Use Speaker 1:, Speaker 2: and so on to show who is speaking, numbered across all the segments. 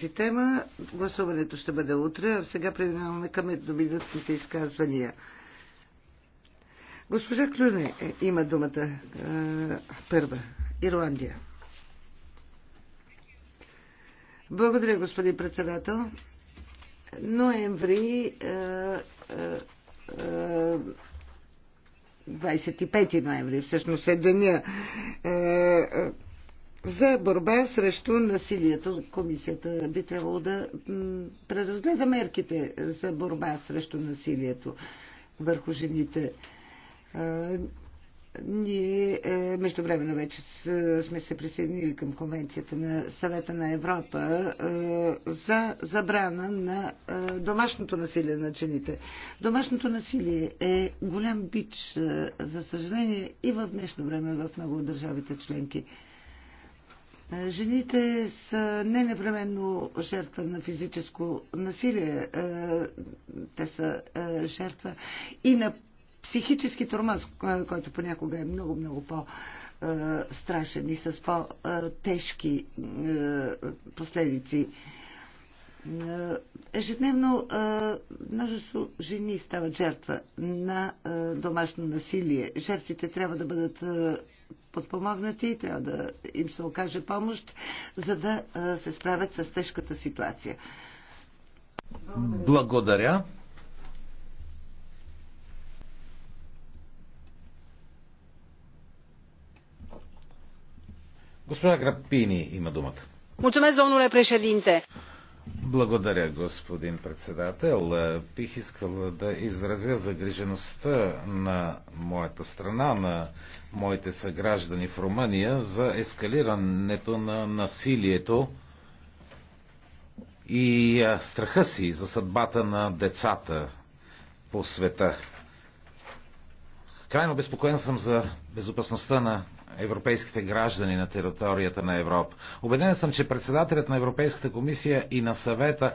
Speaker 1: тази тема. Гласуването ще бъде утре, а сега преминаваме към едноминутните изказвания. Госпожа Клюне е, има думата е, първа. Ирландия. Благодаря, господин председател. Ноември 25 е, ноември, всъщност е деня за борба срещу насилието. Комисията би трябвало да преразгледа мерките за борба срещу насилието върху жените. Ние е, междувременно вече сме се присъединили към Конвенцията на Съвета на Европа е, за забрана на е, домашното насилие на жените. Домашното насилие е голям бич, за съжаление, и в днешно време в много от държавите членки. Жените са не непременно жертва на физическо насилие, е, те са е, жертва и на психически тормоз, е, който понякога е много-много по-страшен и с по-тежки последици. Ежедневно множество жени стават жертва на домашно насилие. Жертвите трябва да бъдат подпомогнати и трябва да им се окаже помощ, за да се справят с тежката ситуация.
Speaker 2: Благодаря. Госпожа Грапини има думата.
Speaker 3: Mulțumesc, domnule președinte.
Speaker 2: Благодаря, господин председател. Е, бих искал да изразя загрижеността на моята страна, на моите съграждани в Румъния за ескалирането на насилието и е, страха си за съдбата на децата по света. Крайно безпокоен съм за безопасността на европейските граждани на територията на Европа. Обеден съм, че председателят на Европейската комисия и на съвета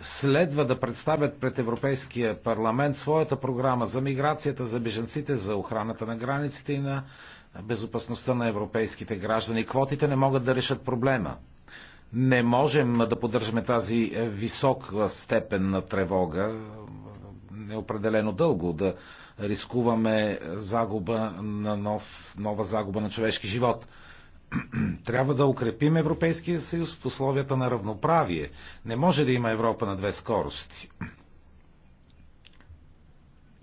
Speaker 2: следва да представят пред Европейския парламент своята програма за миграцията, за беженците, за охраната на границите и на безопасността на европейските граждани. Квотите не могат да решат проблема. Не можем да поддържаме тази висока степен на тревога неопределено дълго, да рискуваме загуба на нов, нова загуба на човешки живот. Трябва да укрепим Европейския съюз в условията на равноправие. Не може да има Европа на две скорости.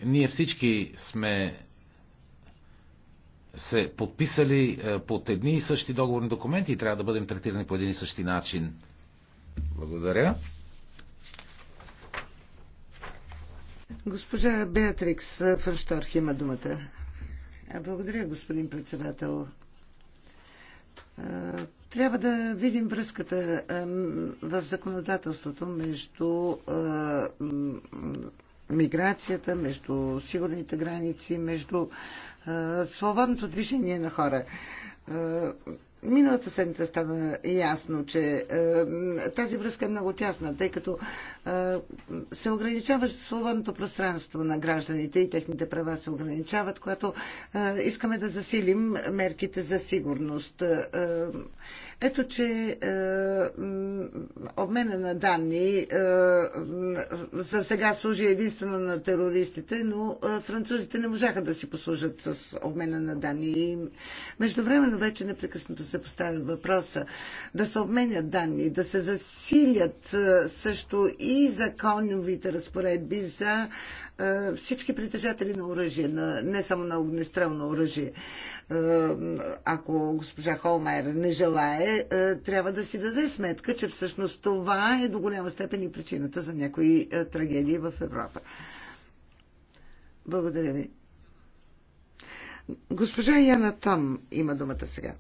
Speaker 2: Ние всички сме се подписали е, под едни и същи договорни документи и трябва да бъдем третирани по един и същи начин. Благодаря.
Speaker 1: Госпожа Беатрикс Фършторх има думата. Благодаря, господин председател. Трябва да видим връзката в законодателството между миграцията, между сигурните граници, между свободното движение на хора. Миналата седмица стана ясно, че е, тази връзка е много тясна, тъй като е, се ограничава свободното пространство на гражданите и техните права се ограничават, когато е, искаме да засилим мерките за сигурност. Е, е ето, че е, обмена на данни е, за сега служи единствено на терористите, но е, французите не можаха да си послужат с обмена на данни. И междувременно вече непрекъснато се поставя въпроса да се обменят данни, да се засилят е, също и законовите разпоредби за е, всички притежатели на оръжие, на, не само на огнестрелно оръжие. Е, ако госпожа Холмайер не желае, е, е, трябва да си даде сметка, че всъщност това е до голяма степен и причината за някои е, трагедии в Европа. Благодаря ви. Госпожа Яна Том има думата сега.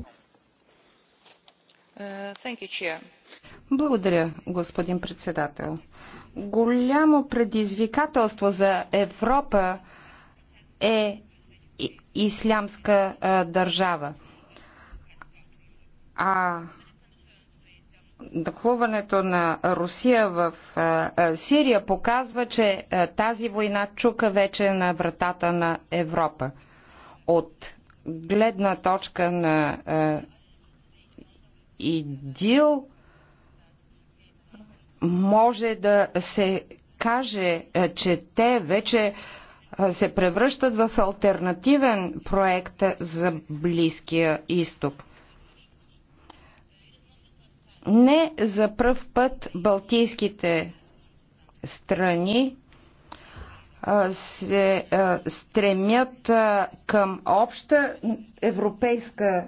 Speaker 1: Благодаря,
Speaker 3: господин председател. Голямо предизвикателство за Европа е ислямска държава а нахлуването на Русия в Сирия показва, че тази война чука вече на вратата на Европа. От гледна точка на ИДИЛ може да се каже, че те вече се превръщат в альтернативен проект за Близкия изток. Не за пръв път балтийските страни се стремят към обща европейска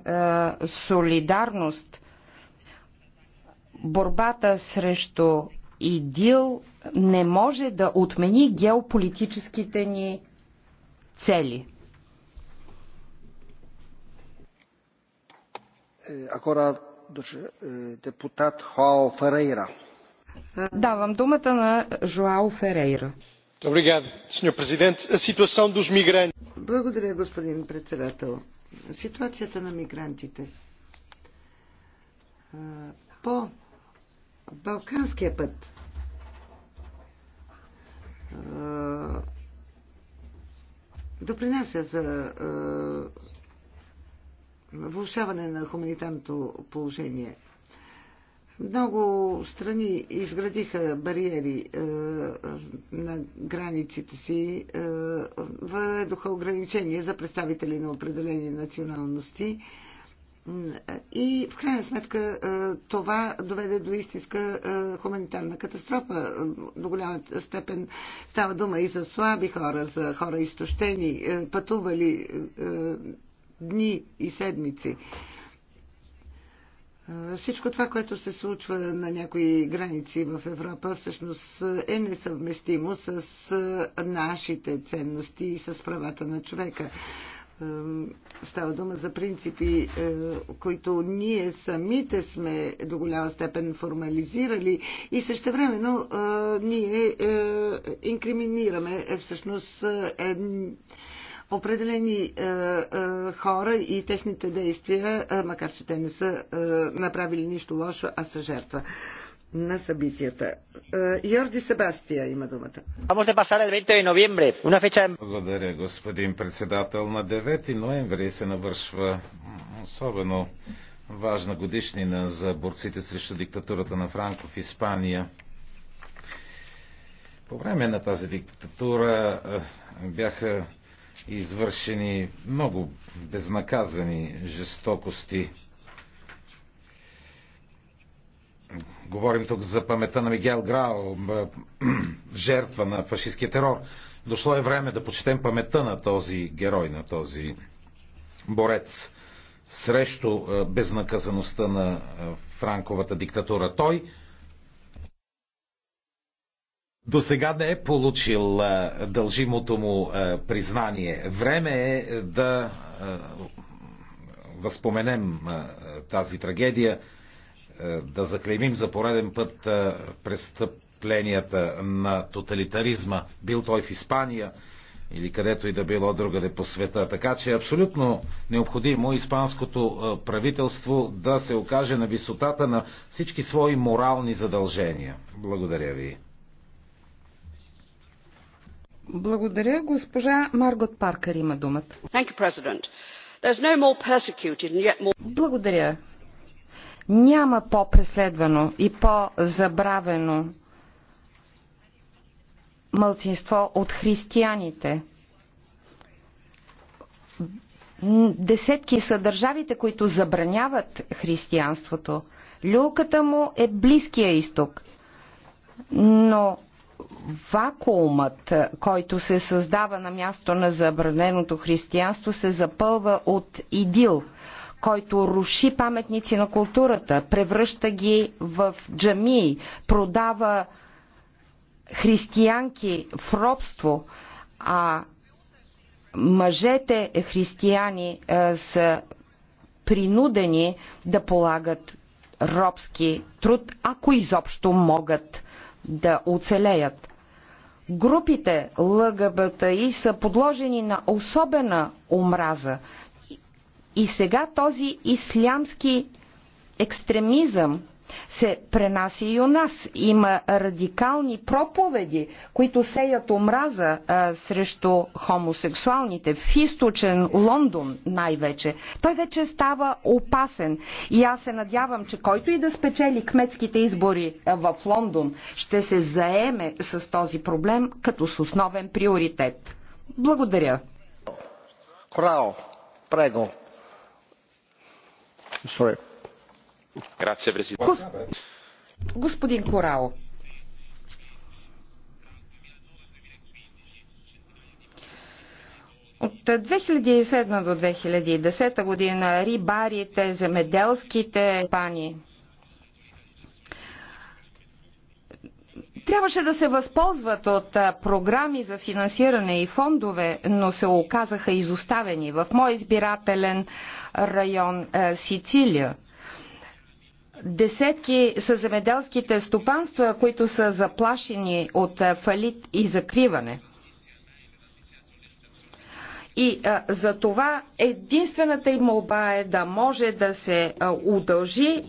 Speaker 3: солидарност. Борбата срещу ИДИЛ не може да отмени геополитическите ни цели.
Speaker 4: Е, Акора е, депутат Хоао Ферейра.
Speaker 1: Давам думата на Жоао Ферейра. Благодаря, господин председател. Ситуацията на мигрантите. По Балканския път допринася за влушаване на хуманитарното положение. Много страни изградиха бариери е, на границите си, е, въведоха ограничения за представители на определени националности и в крайна сметка е, това доведе до истинска е, хуманитарна катастрофа. До голяма степен става дума и за слаби хора, за хора изтощени, е, пътували. Е, дни и седмици. Всичко това, което се случва на някои граници в Европа, всъщност е несъвместимо с нашите ценности и с правата на човека. Става дума за принципи, е, които ние самите сме до голяма степен формализирали и същевременно е, ние е, инкриминираме всъщност определени е, е, хора и техните действия, е, макар че те не са направили нищо лошо, а са жертва на събитията. Йорди Себастия има думата.
Speaker 2: Благодаря, господин председател. На 9 ноември се навършва особено важна годишнина за борците срещу диктатурата на Франко в Испания. По време на тази диктатура бяха извършени много безнаказани жестокости. Говорим тук за памета на Мигел Грао, жертва на фашистския терор. Дошло е време да почетем памета на този герой, на този борец срещу безнаказаността на Франковата диктатура. Той до сега не е получил дължимото му признание. Време е, е да възпоменем тази трагедия, да заклеймим за пореден път престъпленията на тоталитаризма, бил той в Испания или където и да било другаде по света. Така че е абсолютно необходимо испанското правителство да се окаже на висотата на всички свои морални задължения. Благодаря ви.
Speaker 1: Благодаря.
Speaker 3: Госпожа Маргот Паркър има думата. Благодаря. Няма по-преследвано и по-забравено мълцинство от християните. Десетки са държавите, които забраняват християнството. Люлката му е Близкия изток. Но вакуумът, е, който се създава на място на забраненото християнство, се запълва от идил, който руши паметници на културата, превръща ги в джамии, продава християнки в робство, а мъжете християни е, са принудени да полагат робски труд, ако изобщо могат да оцелеят. Групите ЛГБТИ са подложени на особена омраза. И сега този ислямски екстремизъм се пренася и у нас. Има радикални проповеди, които сеят омраза а, срещу хомосексуалните в източен Лондон най-вече. Той вече става опасен и аз се надявам, че който и да спечели кметските избори в Лондон, ще се заеме с този проблем като с основен приоритет. Благодаря.
Speaker 4: Корао, прего.
Speaker 2: Sorry.
Speaker 3: Господин Корао, От 2007 до 2010 година рибарите, земеделските пани трябваше да се възползват от програми за финансиране и фондове, но се оказаха изоставени в мой избирателен район Сицилия. Десетки са земеделските стопанства, които са заплашени от фалит и закриване. И а, за това единствената им молба е да може да се а, удължи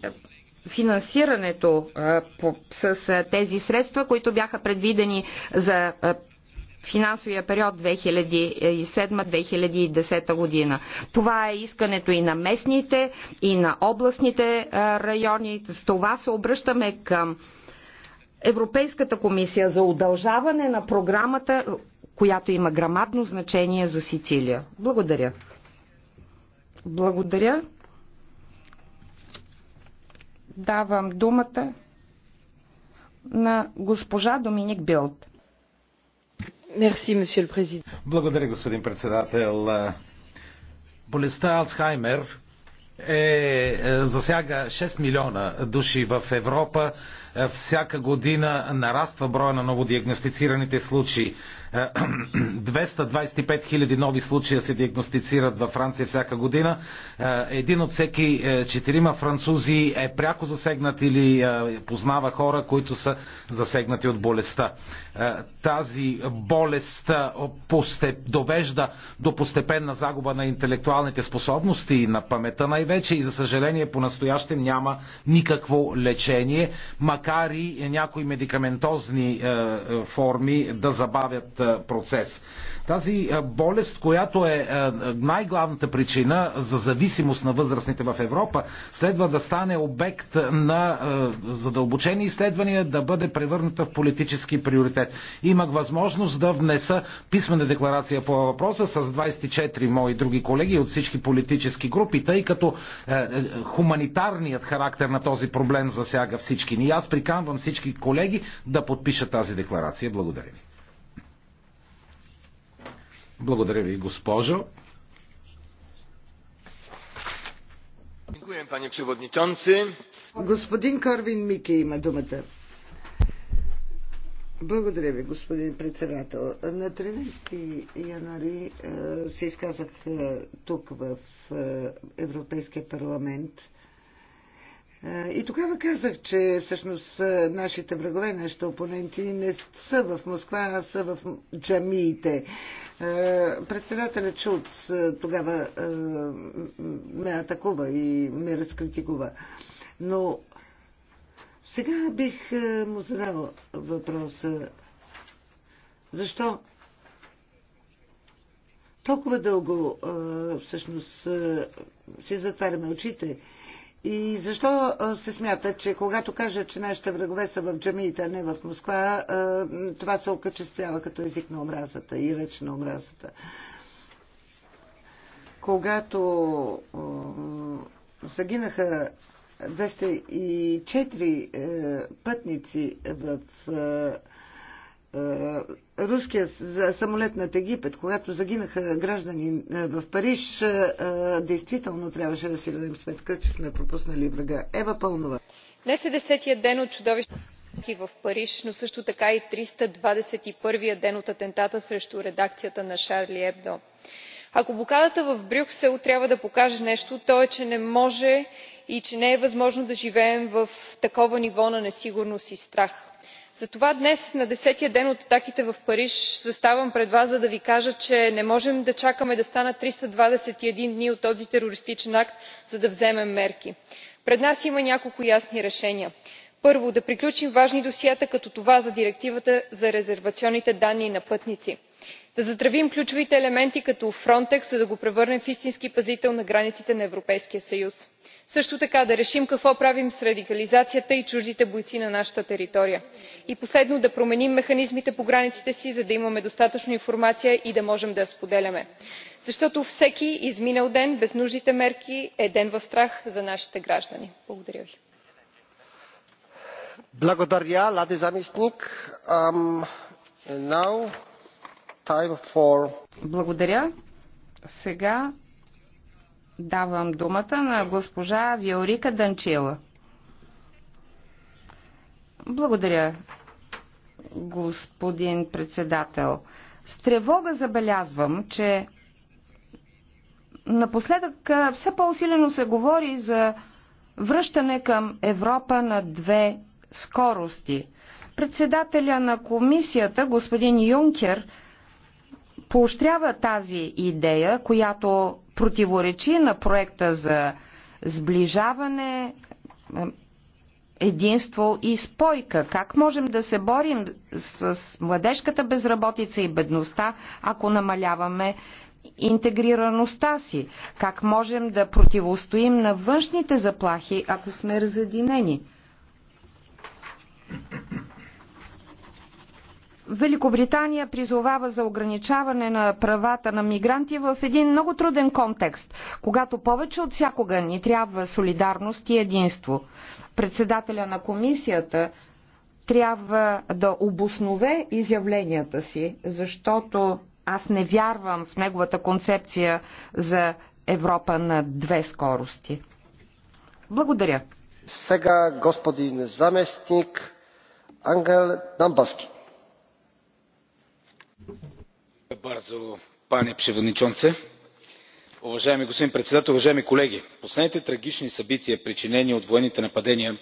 Speaker 3: финансирането а, по, с а, тези средства, които бяха предвидени за а, финансовия период 2007-2010 година. Това е искането и на местните, и на областните райони. С това се обръщаме към Европейската комисия за удължаване на програмата, която има грамадно значение за Сицилия. Благодаря. Благодаря. Давам думата на госпожа Доминик Билт.
Speaker 2: Благодаря, господин председател. Болестта Алцхаймер е, е засяга 6 милиона души в Европа. Всяка година нараства броя на новодиагностицираните случаи. 225 хиляди нови случая се диагностицират във Франция всяка година. Е, един от всеки е, четирима французи е пряко засегнат или е, познава хора, които са засегнати от болестта. Тази болест довежда до постепенна загуба на интелектуалните способности и на памета най-вече и за съжаление по-настоящем няма никакво лечение, макар и някои медикаментозни форми да забавят процес. Тази болест, която е най-главната причина за зависимост на възрастните в Европа, следва да стане обект на задълбочени изследвания, да бъде превърната в политически приоритет. Имах възможност да внеса писмена декларация по въпроса с 24 мои други колеги от всички политически групи, тъй като е, е, хуманитарният характер на този проблем засяга всички ни. Аз приканвам всички колеги да подпишат тази декларация. Благодаря ви. Благодаря ви, госпожо.
Speaker 1: Господин Корвин Мике има думата. Благодаря ви, господин председател. На 13 януари е, се изказах е, тук в е, Европейския парламент е, и тогава казах, че всъщност е, нашите врагове, нашите опоненти не са в Москва, а са в джамиите. Е, председателя Чулц тогава ме атакува и ме разкритикува. Но сега бих му задал въпроса защо толкова дълго всъщност си затваряме очите и защо се смята, че когато кажа, че нашите врагове са в джамиите, а не в Москва, това се окачествява като език на омразата и реч на омразата? Когато загинаха 204 е, пътници в е, е, руския самолет над Египет, когато загинаха граждани е, в Париж, е, действително трябваше да си дадем сметка, че сме пропуснали врага. Ева Пълнова.
Speaker 5: Днес е десетия ден от чудовището в париж но също така и 321-я ден от атентата срещу редакцията на шарли ебдо. ако блокадата в брюксел трябва да покаже нещо то е че не може и че не е възможно да живеем в такова ниво на несигурност и страх затова днес на десетия ден от атаките в париж заставам пред вас за да ви кажа че не можем да чакаме да станат триста двадесет и един дни от този терористичен акт за да вземем мерки. пред нас има няколко ясни решения. първо да приключим важни досиета като това за директивата за резервационните данни на пътници да затревим ключовите елементи като фронтекс за да го превърнем в истински пазител на границите на европейския съюз. също така да решим какво правим с радикализацията и чуждите бойци на нашата територия. и последно да променим механизмите по границите си за да имаме достатъчно информация и да можем да я споделяме защото всеки изминал ден без нужните мерки е ден в страх за нашите граждани. благодаря ви.
Speaker 4: For... Благодаря. Сега давам думата на
Speaker 3: госпожа Виорика Данчила. Благодаря, господин председател. С тревога забелязвам, че напоследък все по-усилено се говори за връщане към Европа на две скорости. Председателя на комисията, господин Юнкер, поощрява тази идея, която противоречи на проекта за сближаване, единство и спойка. Как можем да се борим с младежката безработица и бедността, ако намаляваме интегрираността си? Как можем да противостоим на външните заплахи, ако сме разединени? Великобритания призовава за ограничаване на правата на мигранти в един много труден контекст, когато повече от всякога ни трябва солидарност и единство. Председателя на комисията трябва да обоснове изявленията си, защото аз не вярвам в неговата концепция за Европа на две скорости.
Speaker 4: Благодаря. Сега господин заместник Ангел Дамбаски.
Speaker 6: Пане przewodniczący! уважаеми господин председател уважаеми колеги! последните трагични събития причинени от военните нападения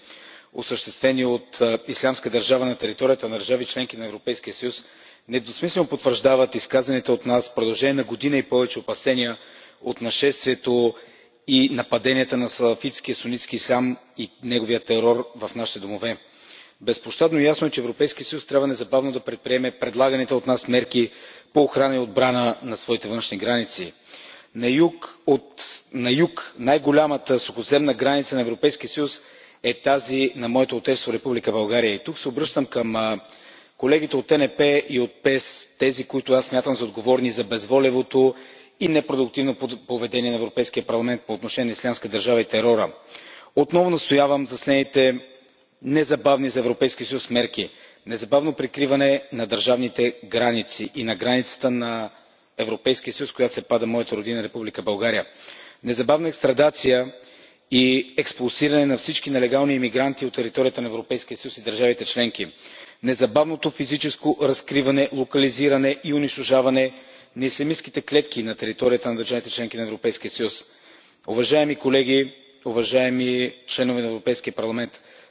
Speaker 6: осъществени от ислямска държава на територията на държави членки на европейския съюз недвусмислено потвърждават изказаните от нас в продължение на година и повече опасения от нашествието и нападенията на Салафитския сунитски ислям и неговия терор в нашите домове безпощадно ясно е че европейският съюз трябва незабавно да предприеме предлаганите от нас мерки по охрана и отбрана на своите външни граници. на юг най голямата сухоземна граница на европейския съюз е тази на моето отечество република българя. и тук се обръщам към колегите от енп и от пес тези които аз смятам за отговорни за безволевото и непродуктивно поведение на европейския парламент по отношение на ислямска държава и терора. отново настоявам за следните незабавни за европейския съюз мерки незабавно прикриване на държавните граници и на границата на европейския съюз в която се пада моята родина република българия незабавна екстрадиция и експулсиране на всички нелегални имигранти от територията на европейския съюз и държавите членки незабавното физическо разкриване локализиране и унищожаване на ислямистките клетки на територията на държавите членки на европейския съюз. уважаеми колеги уважаеми членове на европейския парламент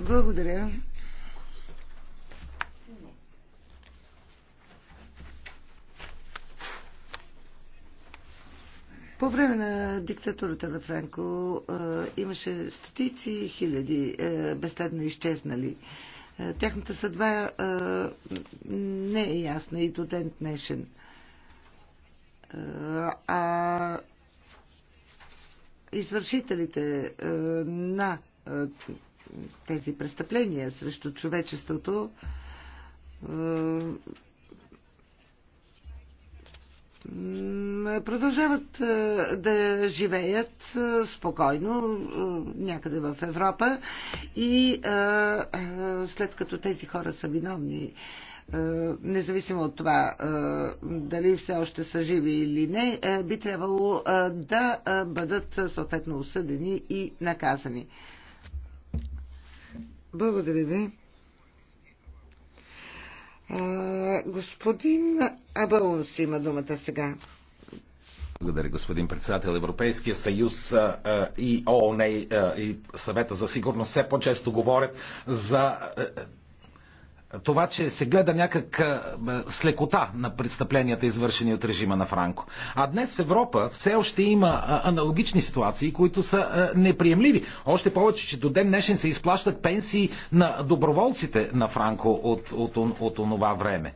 Speaker 3: Благодаря.
Speaker 1: По време на диктатурата на Франко имаше стотици хиляди безследно изчезнали. Тяхната съдба не е ясна и до ден днешен. А извършителите на тези престъпления срещу човечеството е, продължават е, да живеят е, спокойно някъде в Европа и след като тези хора са виновни, независимо от това дали все още са живи или не, би трябвало да бъдат съответно осъдени и наказани. Благодаря ви. А, господин Абаунс има думата сега.
Speaker 2: Благодаря, господин председател. Европейския съюз а, и ООН и, а, и съвета за сигурност все по-често говорят за а, това, че се гледа някак с лекота на престъпленията, извършени от режима на Франко. А днес в Европа все още има аналогични ситуации, които са неприемливи. Още повече, че до ден днешен се изплащат пенсии на доброволците на Франко от, от, от, от онова време.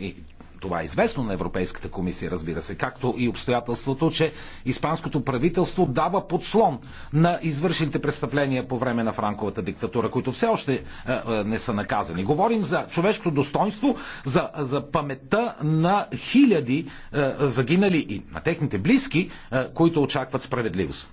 Speaker 2: И това е известно на Европейската комисия, разбира се, както и обстоятелството, че испанското правителство дава подслон на извършените престъпления по време на Франковата диктатура, които все още е, е, не са наказани. Говорим за човешкото достоинство, за, за паметта на хиляди е, загинали и на техните близки, които очакват справедливост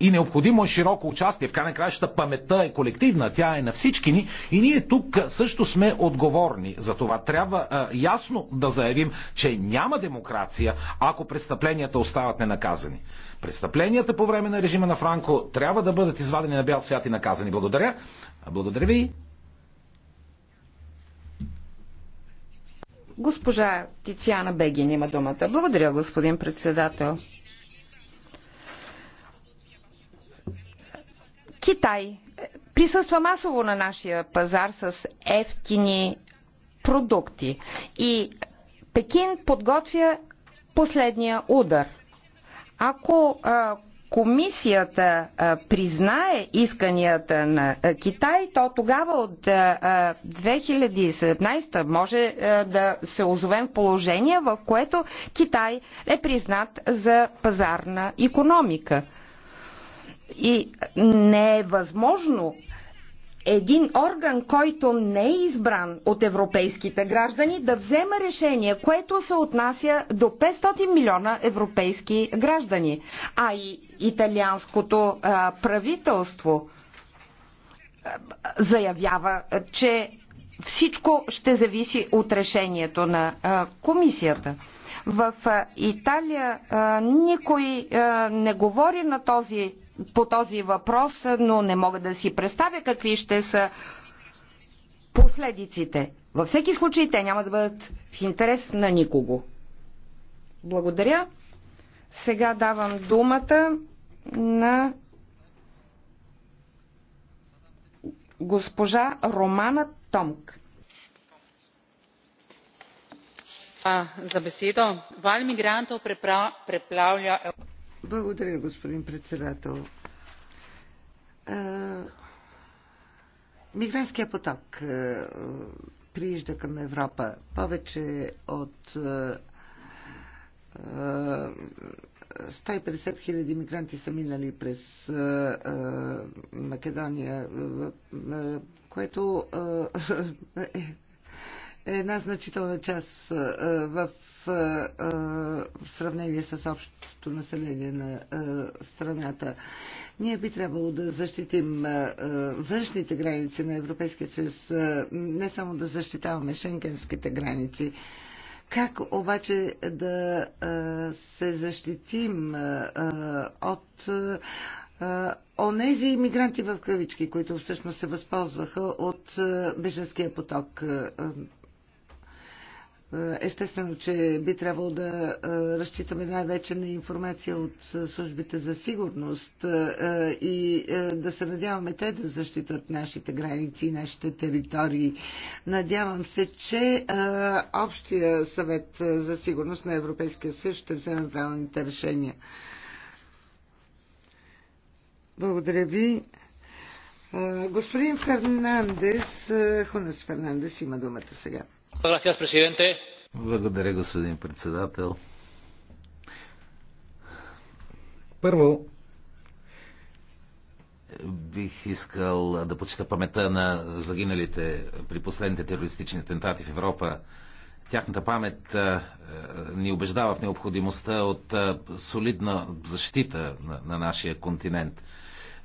Speaker 2: и необходимо е широко участие. В крайна краща паметта е колективна, тя е на всички ни и ние тук също сме отговорни. За това трябва а, ясно да заявим, че няма демокрация, ако престъпленията остават ненаказани. Престъпленията по време на режима на Франко трябва да бъдат извадени на бял свят и наказани. Благодаря. Благодаря ви.
Speaker 3: Госпожа Тициана Бегин има думата. Благодаря, господин председател. Китай присъства масово на нашия пазар с ефтини продукти и Пекин подготвя последния удар. Ако а, комисията а, признае исканията на а, Китай, то тогава от а, 2017 може а, да се озовем в положение, в което Китай е признат за пазарна економика. И не е възможно един орган, който не е избран от европейските граждани, да взема решение, което се отнася до 500 милиона европейски граждани, а и италианското а, правителство а, заявява, че всичко ще зависи от решението на а, комисията. В Италия а, никой а, не говори на този по този въпрос, но не мога да си представя какви ще са последиците. Във всеки случай те няма да бъдат в интерес на никого. Благодаря. Сега давам думата на госпожа Романа Томк. А, за беседо. Валь мигрантов преплавля...
Speaker 1: Благодаря, господин председател. Мигрантския поток приижда към Европа. Повече от 150 хиляди мигранти са минали през Македония, което е една значителна част в в сравнение с общото население на страната. Ние би трябвало да защитим външните граници на Европейския съюз, не само да защитаваме шенгенските граници. Как обаче да се защитим от онези иммигранти в кавички, които всъщност се възползваха от беженския поток. Естествено, че би трябвало да разчитаме най-вече на информация от службите за сигурност и да се надяваме те да защитат нашите граници и нашите територии. Надявам се, че Общия съвет за сигурност на Европейския съюз ще вземе правилните решения. Благодаря ви. Господин Фернандес, Хунес Фернандес има думата сега.
Speaker 2: Благодаря, господин председател. Първо, бих искал да почита памета на загиналите при последните терористични атентати в Европа. Тяхната памет ни убеждава в необходимостта от солидна защита на нашия континент.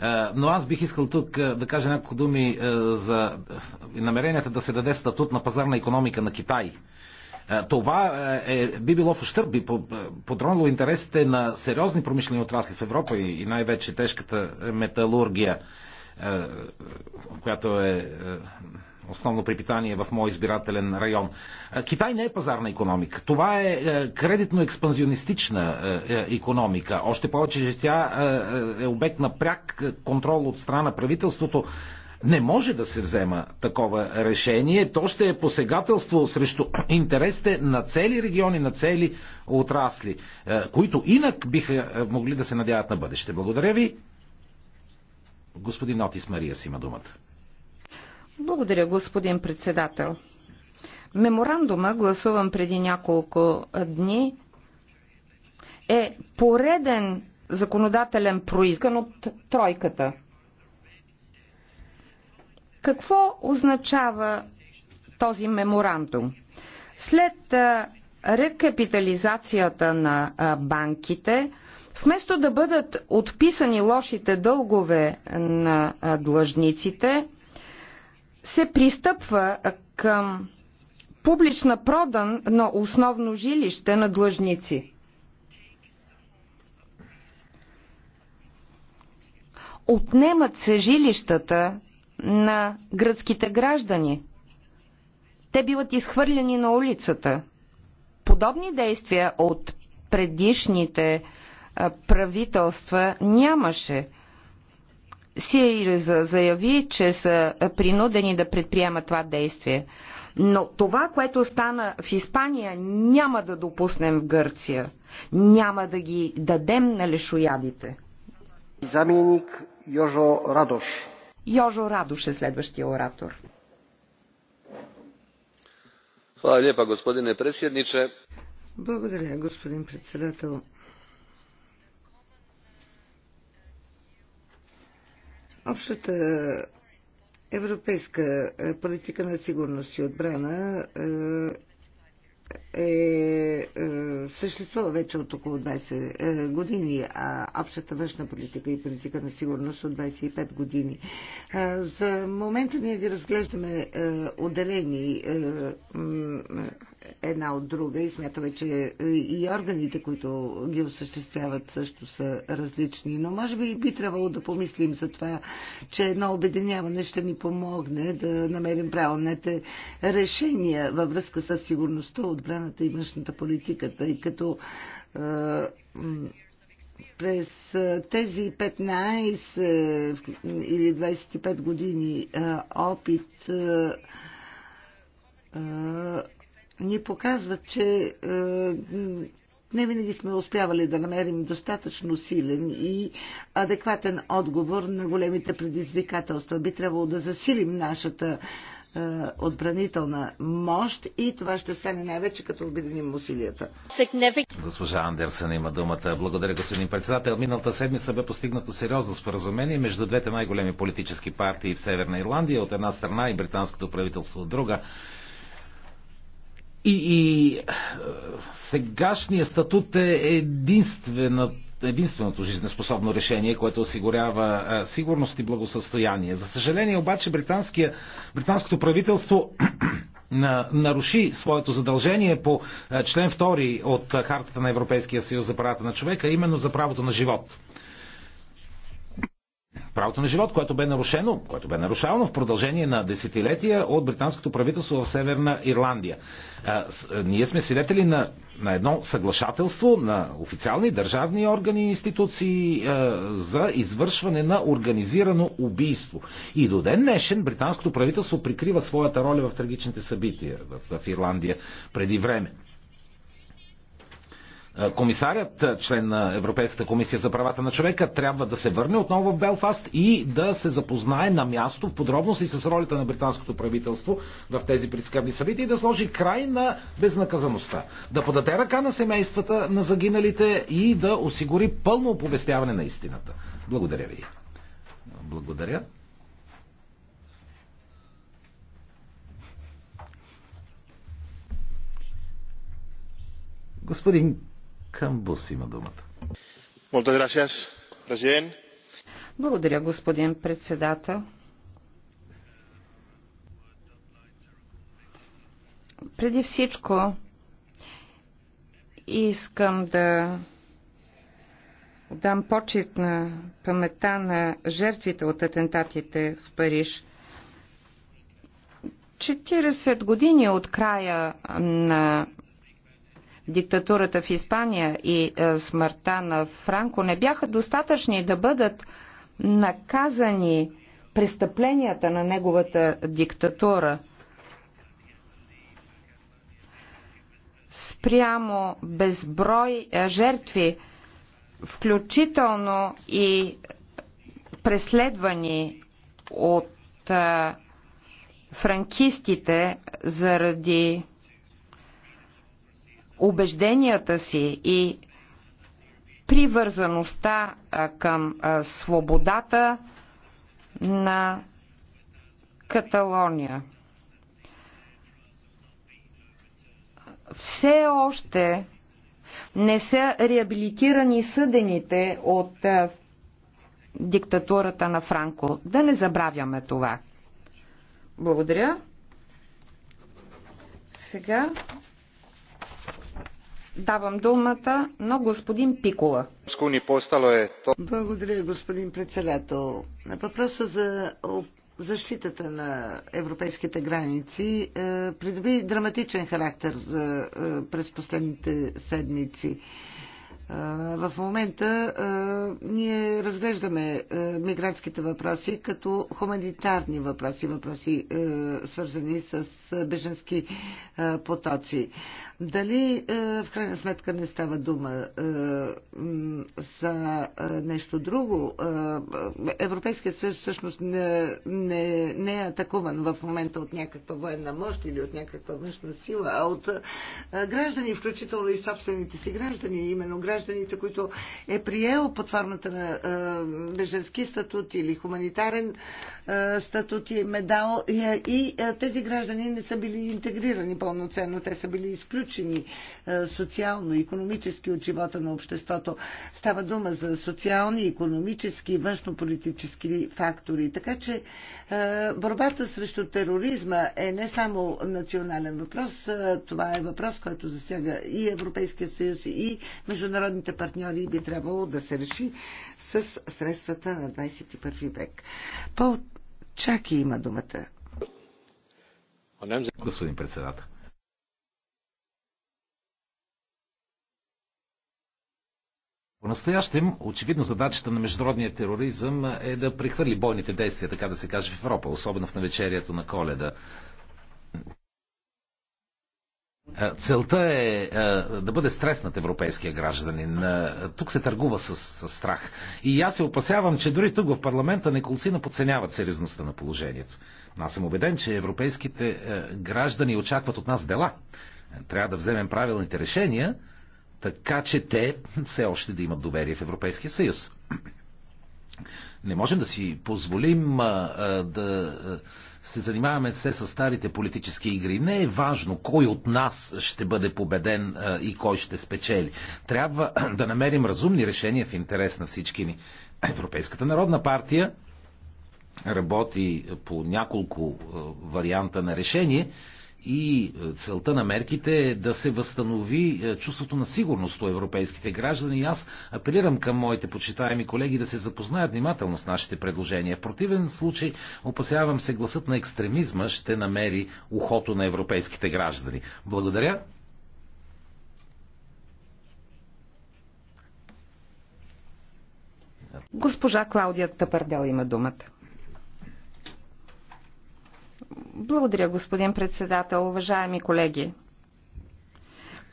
Speaker 2: Е, но аз бих искал тук е, да кажа няколко думи е, за намеренията да се даде статут на пазарна економика на Китай. Това е, би било в ущърб, би подронило интересите на сериозни промишлени отрасли в Европа и най-вече тежката металургия, която е основно припитание в мой избирателен район. Е, Китай не е пазарна економика. Това е, е кредитно-експанзионистична е, економика. Още повече, че тя е обект на пряк контрол от страна правителството. Не може да се взема такова решение. То ще е посегателство срещу интересите на цели региони, на цели отрасли, които инак биха могли да се надяват на бъдеще. Благодаря ви. Господин Отис Мария си има думата.
Speaker 3: Благодаря, господин председател. Меморандума, гласуван преди няколко дни, е пореден законодателен произкан от тройката. Какво означава този меморандум? След рекапитализацията на банките, вместо да бъдат отписани лошите дългове на длъжниците, се пристъпва към публична продан на основно жилище на длъжници. Отнемат се жилищата на гръцките граждани. Те биват изхвърлени на улицата. Подобни действия от предишните правителства нямаше – Сириза заяви, че са принудени да предприемат това действие. Но това, което стана в Испания, няма да допуснем в Гърция. Няма да ги дадем на лешоядите.
Speaker 4: Заменник Йожо Радош. Йожо Радош е следващия оратор.
Speaker 1: Благодаря, господин председател. Общата европейска е, политика на сигурност и отбрана е, е, е съществува вече от около 20 е, години, а общата външна политика и политика на сигурност от 25 години. за момента ние ги разглеждаме е, отделени. Е, една от друга и смятаме, че и органите, които ги осъществяват също са различни. Но може би би трябвало да помислим за това, че едно обединяване ще ни помогне да намерим правилните решения във връзка с сигурността, отбраната и външната политика, тъй като през тези 15 или 25 години опит ни показват, че е, не винаги сме успявали да намерим достатъчно силен и адекватен отговор на големите предизвикателства. Би трябвало да засилим нашата е, отбранителна мощ и това ще стане най-вече като обединим
Speaker 2: усилията. Госпожа Андерсън има думата. Благодаря, господин председател. Миналата седмица бе постигнато сериозно споразумение между двете най-големи политически партии в Северна Ирландия от една страна и британското правителство от друга и, и е, сегашният статут е единственото жизнеспособно решение, което осигурява а, е, сигурност и благосъстояние. За съжаление обаче британското правителство наруши своето задължение по е, член 2 от Хартата на Европейския съюз за правата на човека, именно за правото на живот правото на живот, което бе нарушено, което бе нарушавано в продължение на десетилетия от британското правителство в Северна Ирландия. Ние сме свидетели на, на едно съглашателство на официални държавни органи и институции за извършване на организирано убийство. И до ден днешен британското правителство прикрива своята роля в трагичните събития в, в Ирландия преди време. Е, комисарят, е, член на Европейската комисия за правата на човека, трябва да се върне отново в Белфаст и да се запознае на място в подробности с ролята на британското правителство в тези предскърни събития и да сложи край на безнаказаността. Да подаде ръка на семействата на загиналите и да осигури пълно оповестяване на истината. Благодаря ви. Благодаря. Господин има думата.
Speaker 3: Благодаря, господин председател. Преди всичко искам да дам почет на паметта на жертвите от атентатите в Париж. 40 години от края на диктатурата в Испания и е, смъртта на Франко не бяха достатъчни да бъдат наказани престъпленията на неговата диктатура спрямо безброй е, жертви, включително и преследвани от е, франкистите заради убежденията си и привързаността към свободата на Каталония. Все още не са реабилитирани съдените от диктатурата на Франко. Да не забравяме това. Благодаря. Сега Давам думата на господин Пикола. Благодаря,
Speaker 1: господин председател. Въпроса за защитата на европейските граници е, придоби драматичен характер е, е, през последните седмици. Е, в момента е, ние разглеждаме е, мигрантските въпроси като хуманитарни въпроси, въпроси свързани с беженски потоци. Дали е, в крайна сметка не става дума е, за е, нещо друго? Европейският съюз всъщност не, не, не е атакуван в момента от някаква военна мощ или от някаква външна сила, а от граждани, включително и собствените си граждани, именно гражданите, които е приел под формата на беженски статут или хуманитарен статут и медал и тези граждани не са били интегрирани пълноценно, те са били изключени изключени е, социално, економически от живота на обществото. Става дума за социални, економически и външнополитически фактори. Така че е, борбата срещу тероризма е не само национален въпрос, е, това е въпрос, който засяга и Европейския съюз, и международните партньори и би трябвало да се реши с средствата на 21 век. Пол Чаки има думата.
Speaker 2: Господин председател. настоящем очевидно, задачата на международния тероризъм е да прехвърли бойните действия, така да се каже, в Европа, особено в навечерието на коледа. Е, целта е, е да бъде стреснат европейския гражданин. Е, тук се търгува с, с страх. И аз се опасявам, че дори тук в парламента неколцина подценяват сериозността на положението. Но аз съм убеден, че европейските граждани очакват от нас дела. Трябва да вземем правилните решения, така че те все още да имат доверие в Европейския съюз. Не можем да си позволим а, а, да се занимаваме все с старите политически игри. Не е важно кой от нас ще бъде победен а, и кой ще спечели. Трябва да намерим разумни решения в интерес на всички ни. Европейската народна партия работи по няколко а, варианта на решение и е, целта на мерките е да се възстанови е, чувството на сигурност у европейските граждани. И аз апелирам към моите почитаеми колеги да се запознаят внимателно с нашите предложения. В противен случай, опасявам се, гласът на екстремизма ще намери ухото на европейските граждани. Благодаря.
Speaker 3: Госпожа Клаудия Тапардел има думата. Благодаря, господин председател, уважаеми колеги.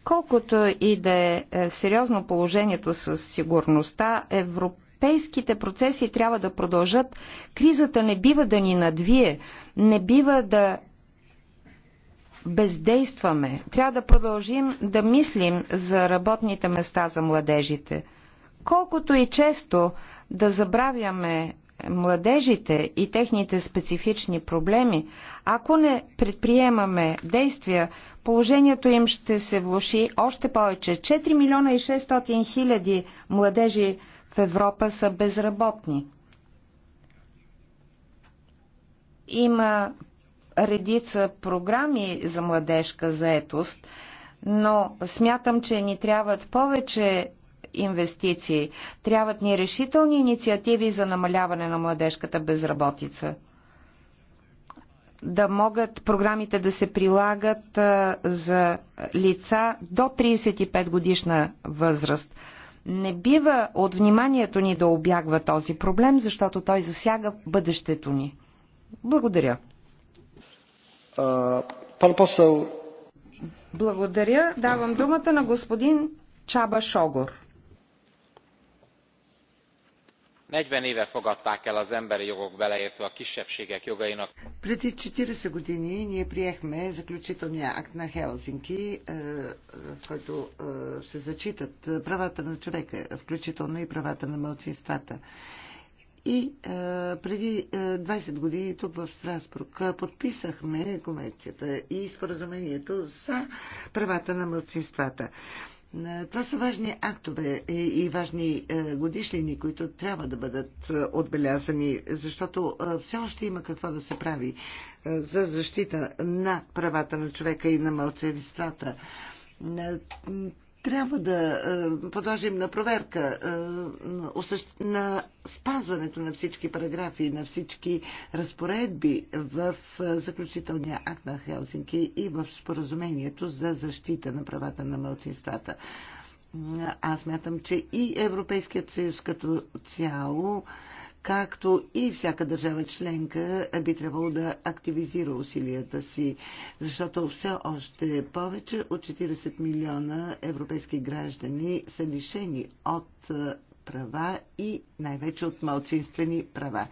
Speaker 3: Колкото и да е, е сериозно положението с сигурността, европейските процеси трябва да продължат. Кризата не бива да ни надвие, не бива да бездействаме. Трябва да продължим да мислим за работните места за младежите. Колкото и често да забравяме младежите и техните специфични проблеми, ако не предприемаме действия, положението им ще се влуши още повече. 4 милиона и 600 хиляди младежи в Европа са безработни. Има редица програми за младежка заетост, но смятам, че ни трябват повече инвестиции. Трябват ни решителни инициативи за намаляване на младежката безработица. Да могат програмите да се прилагат за лица до 35 годишна възраст. Не бива от вниманието ни да обягва този проблем, защото той засяга бъдещето ни. Благодаря.
Speaker 4: Пан посъл.
Speaker 3: Благодаря. Давам думата на господин
Speaker 4: Чаба Шогор
Speaker 2: forty éve fogadták el az emberi jogok beleértve a kisebbségek jogainak.
Speaker 1: Преди 40 години ние приехме заключителния акт на Хелзинки, е, е, в който е, се зачитат правата на човека, включително и правата на малцинствата. И преди 20 години тук в Страсбург подписахме конвенцията и споразумението за правата на мълцинствата. Е, това са важни актове е, и важни е, годишнини, които трябва да бъдат отбелязани, защото все още има какво да се прави за защита на правата на човека и на мълчевистата трябва да е, подложим на проверка е, на спазването на всички параграфи, на всички разпоредби в е, заключителния акт на Хелсинки и в споразумението за защита на правата на мълцинствата. Аз мятам, че и Европейският съюз като цяло както и всяка държава членка би трябвало да активизира усилията си, защото все още повече от 40 милиона европейски граждани са лишени от права и най-вече от малцинствени права.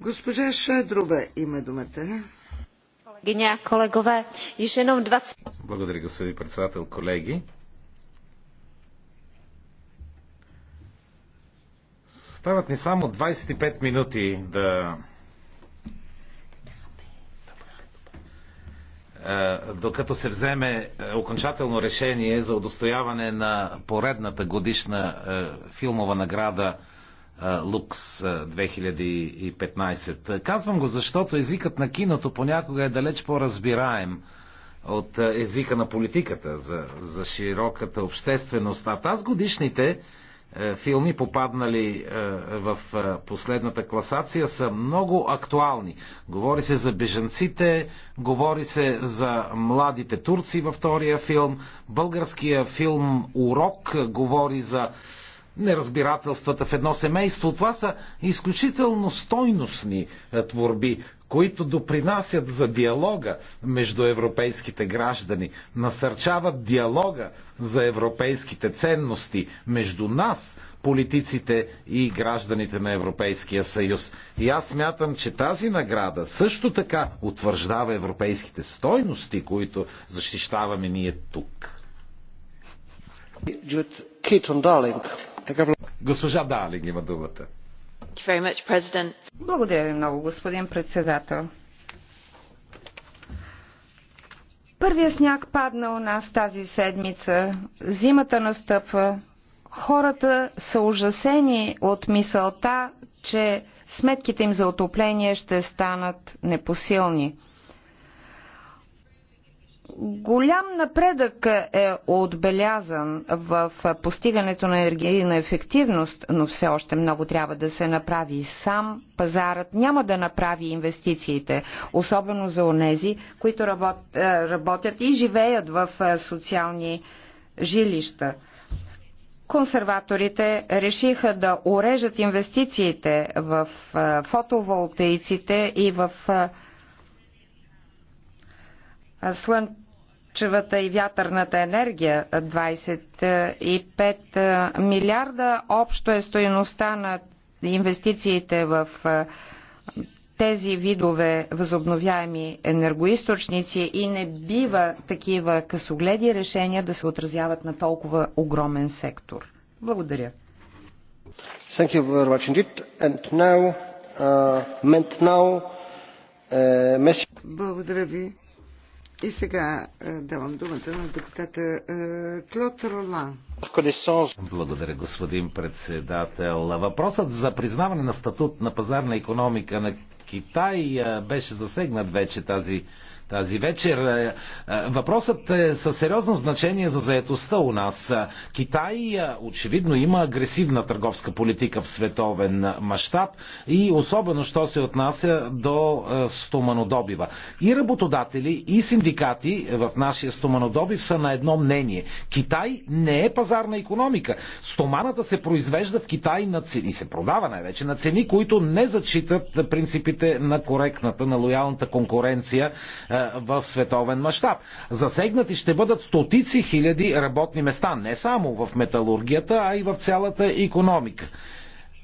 Speaker 1: Госпожа Шадрова има думата.
Speaker 2: Благодаря, господин председател, колеги. Стават ни само 25 минути да е, докато се вземе е, окончателно решение за удостояване на поредната годишна е, филмова награда Лукс 2015. Казвам го, защото езикът на киното понякога е далеч по-разбираем от езика на политиката за, за широката общественост. А тази годишните филми, попаднали в последната класация, са много актуални. Говори се за бежанците, говори се за младите турци във втория филм, българския филм Урок говори за неразбирателствата в едно семейство. Това са изключително стойностни е, творби, които допринасят за диалога между европейските граждани, насърчават диалога за европейските ценности между нас, политиците и гражданите на Европейския съюз. И аз смятам, че тази награда също така утвърждава европейските стойности, които защищаваме ние тук. Джуд Китон Далинг. Госпожа Далинг има думата. Благодаря
Speaker 3: ви много, господин председател. Първия сняг падна у нас тази седмица, зимата настъпва, хората са ужасени от мисълта, че сметките им за отопление ще станат непосилни. Голям напредък е отбелязан в постигането на енергийна ефективност, но все още много трябва да се направи. Сам пазарът няма да направи инвестициите, особено за онези, които е, работят и живеят в е, социални жилища. Консерваторите решиха да урежат инвестициите в е, фотоволтейците и в слънчевите слънчевата и вятърната енергия. 25 милиарда общо е стоеността на инвестициите в тези видове възобновяеми енергоисточници и не бива такива късогледи решения да се отразяват на толкова огромен сектор. Благодаря.
Speaker 4: Thank you very much indeed. And now, uh, now, uh,
Speaker 1: Благодаря ви. И сега е, давам думата на депутата е, Клод Ролан.
Speaker 2: Благодаря, господин председател. Въпросът за признаване на статут на пазарна економика на Китай е, беше засегнат вече тази тази вечер. Е, е, въпросът е със сериозно значение за заетостта у нас. Китай е, очевидно има агресивна търговска политика в световен мащаб и особено, що се отнася до стоманодобива. И работодатели, и синдикати в нашия стоманодобив са на едно мнение. Китай не е пазарна економика. Стоманата се произвежда в Китай на цени, се продава най-вече на цени, които не зачитат принципите на коректната, на лоялната конкуренция в световен мащаб. Засегнати ще бъдат стотици хиляди работни места, не само в металургията, а и в цялата економика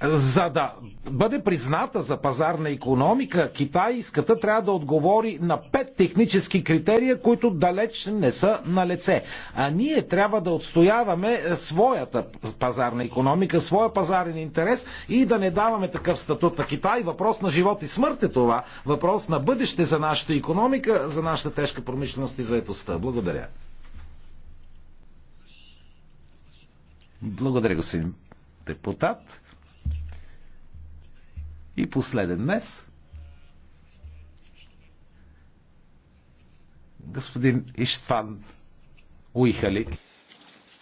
Speaker 2: за да бъде призната за пазарна економика, китайската трябва да отговори на пет технически критерия, които далеч не са на лице. А ние трябва да отстояваме своята пазарна економика, своя пазарен интерес и да не даваме такъв статут на Китай. Въпрос на живот и смърт е това. Въпрос на бъдеще за нашата економика, за нашата тежка промишленост и заетостта. Благодаря. Благодаря, господин депутат. И последен днес, господин Иштван Уихали.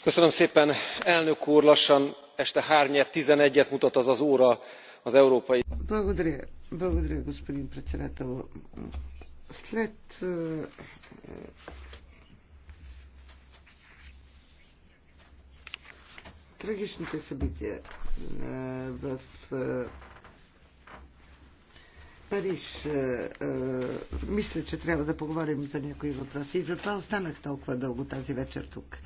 Speaker 2: Köszönöm szépen, elnök úr,
Speaker 4: lassan este 3.11-et mutat az az óra az európai...
Speaker 1: Благодаря, благодаря, господин председател. След е, е, трагичните събития е, в Париж. Е, е, мисля, че трябва да поговорим за някои въпроси и затова останах толкова дълго тази вечер тук.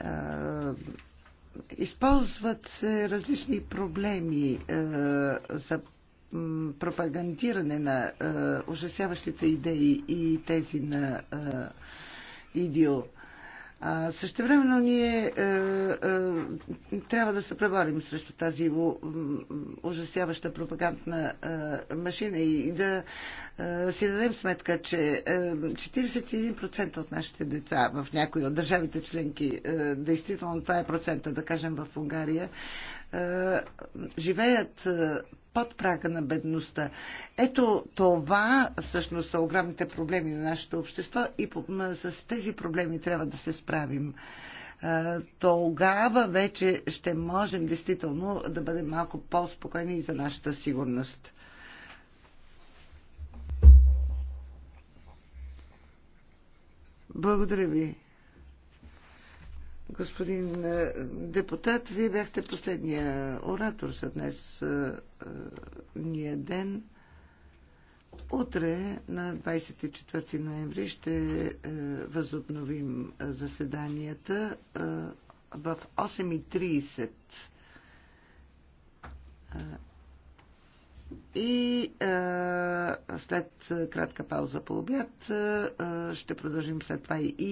Speaker 1: Е, използват се различни проблеми за пропагандиране на ужасяващите идеи и тези на идио. А, същевременно ние е, е, трябва да се преборим срещу тази ужасяваща пропагандна е, машина и да е, си дадем сметка, че е, 41% от нашите деца в някои от държавите членки, е, действително това е процента, да кажем в Унгария, е, живеят е, под прага на бедността. Ето това всъщност са огромните проблеми на нашето общество и с тези проблеми трябва да се справим. Е, тогава вече ще можем действително да бъдем малко по-спокойни и за нашата сигурност. Благодаря ви. Господин е, депутат, вие бяхте последния оратор за днес е, е, ния ден. Утре на 24 ноември ще възобновим заседанията в 8.30. И след кратка пауза по обяд ще продължим след това и